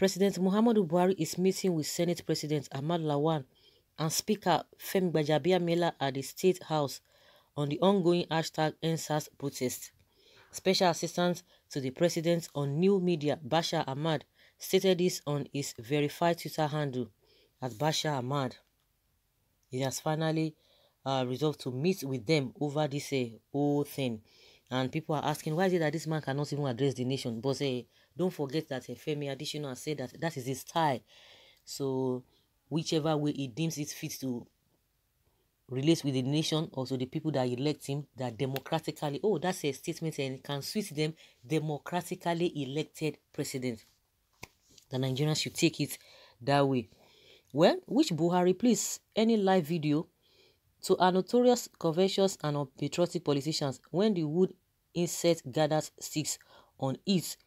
President Muhammadu Buhari is meeting with Senate President Ahmad Lawan and Speaker Femi Mela at the State House on the ongoing hashtag NSAS protest. Special Assistant to the President on New Media, Basha Ahmad, stated this on his verified Twitter handle at Basha Ahmad. He has finally uh, resolved to meet with them over this uh, whole thing. And people are asking, why is it that this man cannot even address the nation? But uh, don't forget that Femi Additional said that that is his style. So, whichever way he deems it fit to relate with the nation also the people that elect him, that democratically, oh, that's a statement and can switch them, democratically elected president. The Nigerians should take it that way. Well, which Buhari, please, any live video to our notorious, covetous, and unpatriotic politicians when the wood insect gathers sticks on it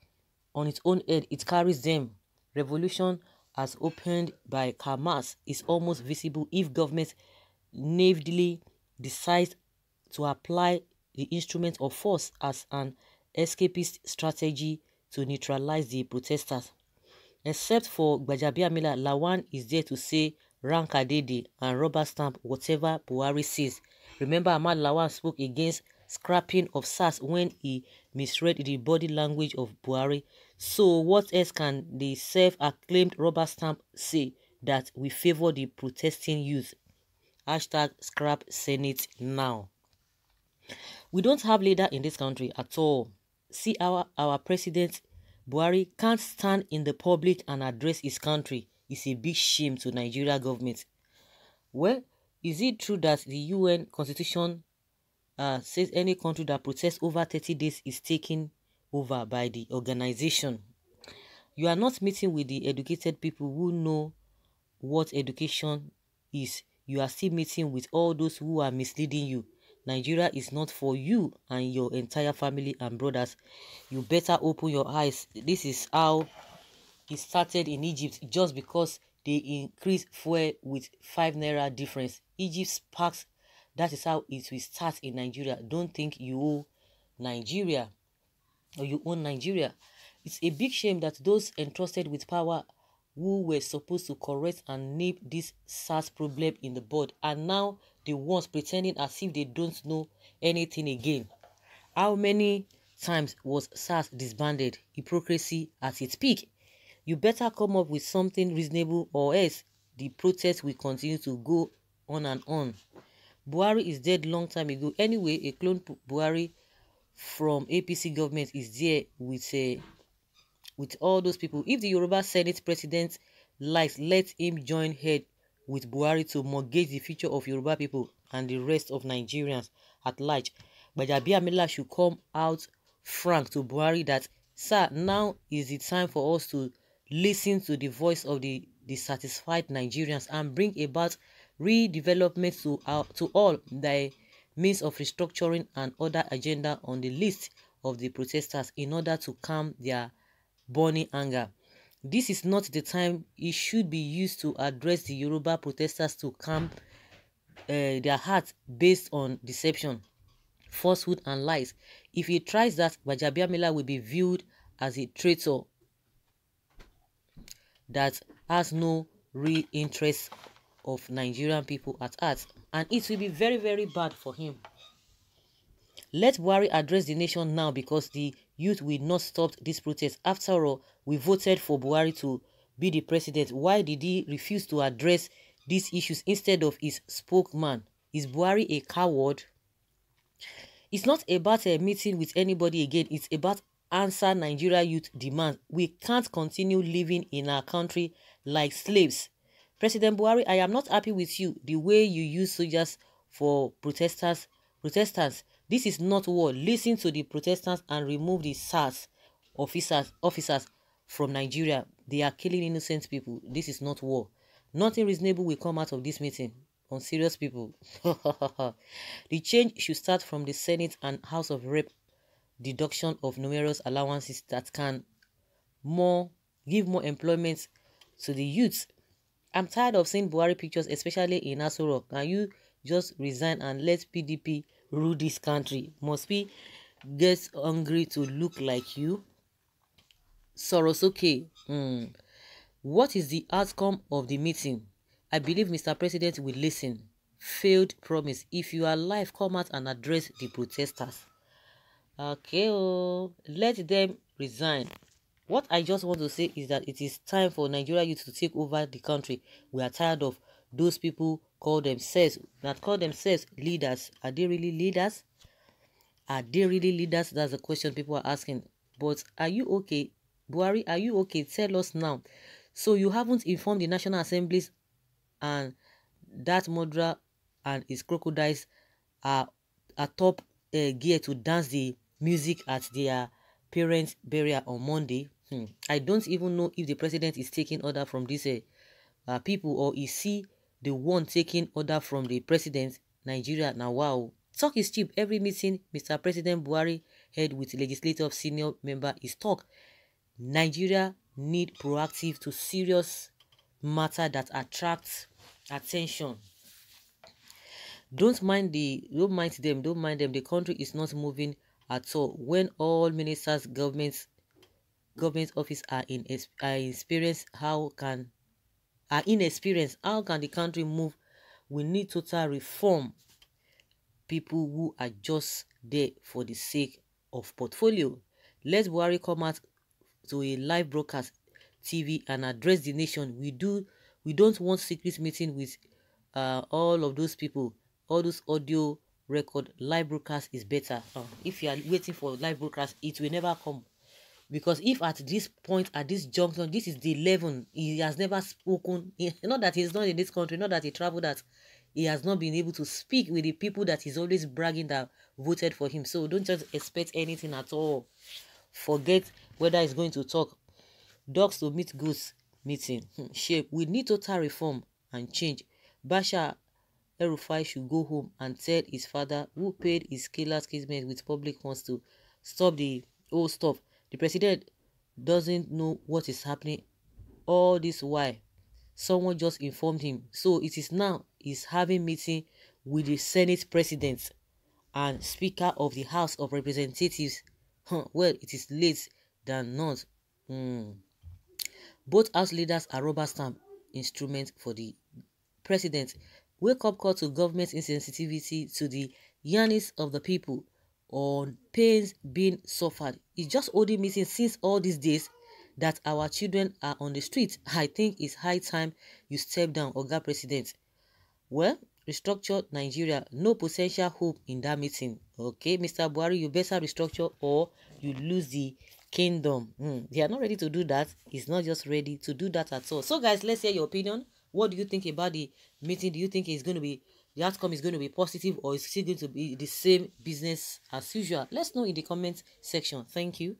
on its own head, it carries them. Revolution as opened by Hamas is almost visible if government naively decides to apply the instrument of force as an escapist strategy to neutralize the protesters. Except for Gbajabiamila, Lawan is there to say Rankadede and rubber stamp whatever Buhari says. Remember, Ahmad Lawan spoke against scrapping of SARS when he misread the body language of Buhari. So what else can the self-acclaimed rubber stamp say that we favor the protesting youth? Hashtag scrap Senate now. We don't have leader in this country at all. See our, our president Buhari can't stand in the public and address his country. It's a big shame to Nigeria government. Well, is it true that the UN constitution uh, says any country that protests over 30 days is taken over by the organization. You are not meeting with the educated people who know what education is. You are still meeting with all those who are misleading you. Nigeria is not for you and your entire family and brothers. You better open your eyes. This is how it started in Egypt just because they increased fuel with 5 naira difference. Egypt sparks that is how it will start in Nigeria. Don't think you owe Nigeria or you own Nigeria. It's a big shame that those entrusted with power who were supposed to correct and nip this SARS problem in the bud are now the ones pretending as if they don't know anything again. How many times was SARS disbanded? Hypocrisy at its peak. You better come up with something reasonable or else the protest will continue to go on and on. Buhari is dead long time ago. Anyway, a clone Buhari from APC government is there with uh, with all those people. If the Yoruba Senate president likes, let him join head with Buhari to mortgage the future of Yoruba people and the rest of Nigerians at large. But Abiyamila should come out frank to Buhari that, sir, now is the time for us to listen to the voice of the dissatisfied Nigerians and bring about redevelopment to, uh, to all the means of restructuring and other agenda on the list of the protesters in order to calm their burning anger. This is not the time it should be used to address the Yoruba protesters to calm uh, their hearts based on deception, falsehood, and lies. If he tries that, Bajabiamila will be viewed as a traitor that has no real interest of Nigerian people at heart, and it will be very, very bad for him. Let Buhari address the nation now because the youth will not stop this protest. After all, we voted for Buhari to be the president. Why did he refuse to address these issues instead of his spokesman? Is Buhari a coward? It's not about a meeting with anybody again. It's about answer Nigeria youth demand. We can't continue living in our country like slaves President Buhari, I am not happy with you, the way you use soldiers for protesters. protesters. this is not war. Listen to the protesters and remove the SARS officers, officers from Nigeria. They are killing innocent people. This is not war. Nothing reasonable will come out of this meeting on serious people. the change should start from the Senate and House of Rep deduction of numerous allowances that can more give more employment to the youth I'm tired of seeing Buhari pictures, especially in Asoro. Can you just resign and let PDP rule this country? Must be get hungry to look like you? Sorosuke, mm. what is the outcome of the meeting? I believe Mr. President will listen. Failed promise. If you are live, come out and address the protesters. Okay, oh, let them resign. What I just want to say is that it is time for Nigeria youth to take over the country. We are tired of those people call themselves that call themselves leaders. Are they really leaders? Are they really leaders? That's the question people are asking. But are you okay? Buhari, are you okay? Tell us now. So you haven't informed the National Assemblies and that murderer and his crocodiles are atop a uh, eh, gear to dance the music at their parents' burial on Monday. Hmm. I don't even know if the president is taking order from these uh, uh, people or is he the one taking order from the president Nigeria now wow talk is cheap every meeting Mr President Buhari held with legislative senior member is talk Nigeria need proactive to serious matter that attracts attention don't mind the don't mind them don't mind them the country is not moving at all when all ministers governments government office are in are inexperienced, how can are inexperienced? How can the country move? We need total reform. People who are just there for the sake of portfolio. Let worry. come out to a live broadcast TV and address the nation. We do we don't want secret meeting with uh, all of those people. All those audio record live broadcast is better. Uh, if you are waiting for live broadcast, it will never come because if at this point at this junction this is the 11 he has never spoken he, not that he's not in this country not that he traveled that he has not been able to speak with the people that he's always bragging that voted for him so don't just expect anything at all forget whether he's going to talk dogs to meet goods meeting hmm, shape we need total reform and change basha erufai should go home and tell his father who paid his killer's kismet with public funds to stop the whole stuff the president doesn't know what is happening all this while. Someone just informed him. So it is now he's having meeting with the Senate President and Speaker of the House of Representatives. Huh, well, it is late than not. Mm. Both House leaders are rubber stamp instruments for the president. Wake up call to government insensitivity to the yearnings of the people on pains being suffered. It's just the meeting since all these days that our children are on the street. I think it's high time you step down, Oga President. Well, restructure Nigeria. No potential hope in that meeting. Okay, Mr. Buhari, you better restructure or you lose the kingdom. Mm, they are not ready to do that. It's not just ready to do that at all. So, guys, let's hear your opinion. What do you think about the meeting? Do you think it's going to be the outcome is going to be positive or is still going to be the same business as usual? Let's know in the comment section. Thank you.